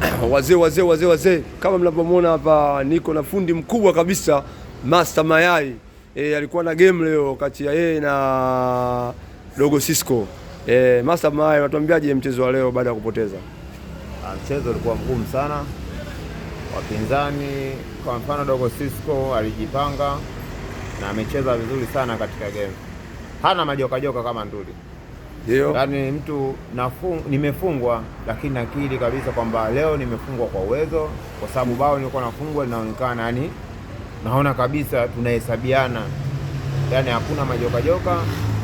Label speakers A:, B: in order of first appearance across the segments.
A: wazee wazee wazee wazee, kama mnavyomwona hapa, niko na fundi mkubwa kabisa Master Mayai. E, alikuwa na game leo kati ya yeye na Dogo Cisco. E, Master Mayai, unatuambiaje mchezo wa leo baada ya kupoteza?
B: Ah, mchezo ulikuwa mgumu sana, wapinzani kwa mfano Dogo Cisco alijipanga na amecheza vizuri sana katika game, hana majokajoka kama Nduli ndio yaani mtu nafung, nimefungwa lakini nakiri kabisa kwamba leo nimefungwa kwa uwezo, kwa sababu bao nilikuwa nafungwa linaonekana, yani naona kabisa tunahesabiana, yaani hakuna majokajoka,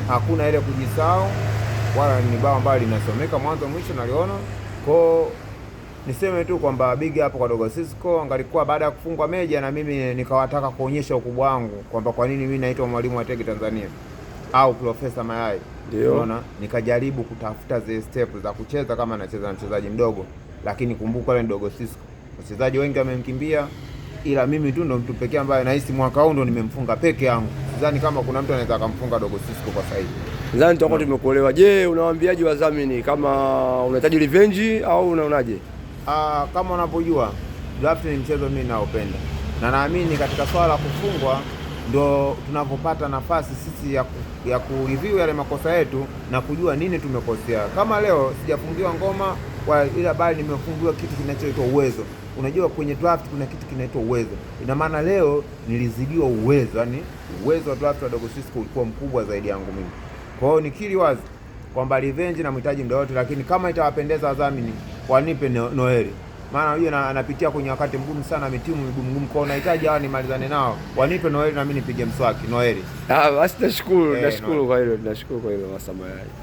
B: hakuna ile kujisahau, wala ni bao ambalo linasomeka mwanzo mwisho naliona Kwa Niseme tu kwamba big hapo kwa Dogo Sisco angalikuwa baada ya kufungwa Meja, na mimi nikawataka kuonyesha ukubwa wangu kwamba kwa nini mimi naitwa mwalimu wa Tegi Tanzania au Profesa Mayai. Unaona, Nikajaribu kutafuta zile step za kucheza kama anacheza mchezaji mdogo, lakini kumbuka yule mdogo Sisco, wachezaji wengi wamemkimbia, ila mimi tu ndo mtu pekee ambaye nahisi mwaka huu ndo nimemfunga peke yangu. Sidhani kama kuna mtu anaweza akamfunga dogo Sisco kwa sasa hivi.
A: Nadhani tutakuwa tumekuelewa. Je, unawaambiaje wadhamini kama unahitaji revenge au unaonaje?
B: Ah, kama unavyojua draft ni mchezo mimi naopenda na naamini katika swala la kufungwa ndio tunavyopata nafasi sisi ya, ya kureview yale makosa yetu na kujua nini tumekosea. Kama leo sijafungiwa ngoma wala, ila bali nimefungiwa kitu kinachoitwa uwezo. Unajua kwenye draft kuna kitu kinaitwa uwezo, ina maana leo nilizidiwa uwezo, yani uwezo wa draft wa Dogo Sisco ulikuwa mkubwa zaidi yangu mimi. Kwa hiyo nikiri wazi kwamba revenge na mhitaji ndio wote, lakini kama itawapendeza wadhamini wanipe Noeli maana unajua anapitia kwenye wakati mgumu sana, ametimu mgumu mgumu, kwa unahitaji hawa nimalizane nao, wanipe Noeli na mimi nipige mswaki Noeli.
A: Ah, basi nashukuru, eh, nashukuru kwa hilo, nashukuru kwa hilo Masa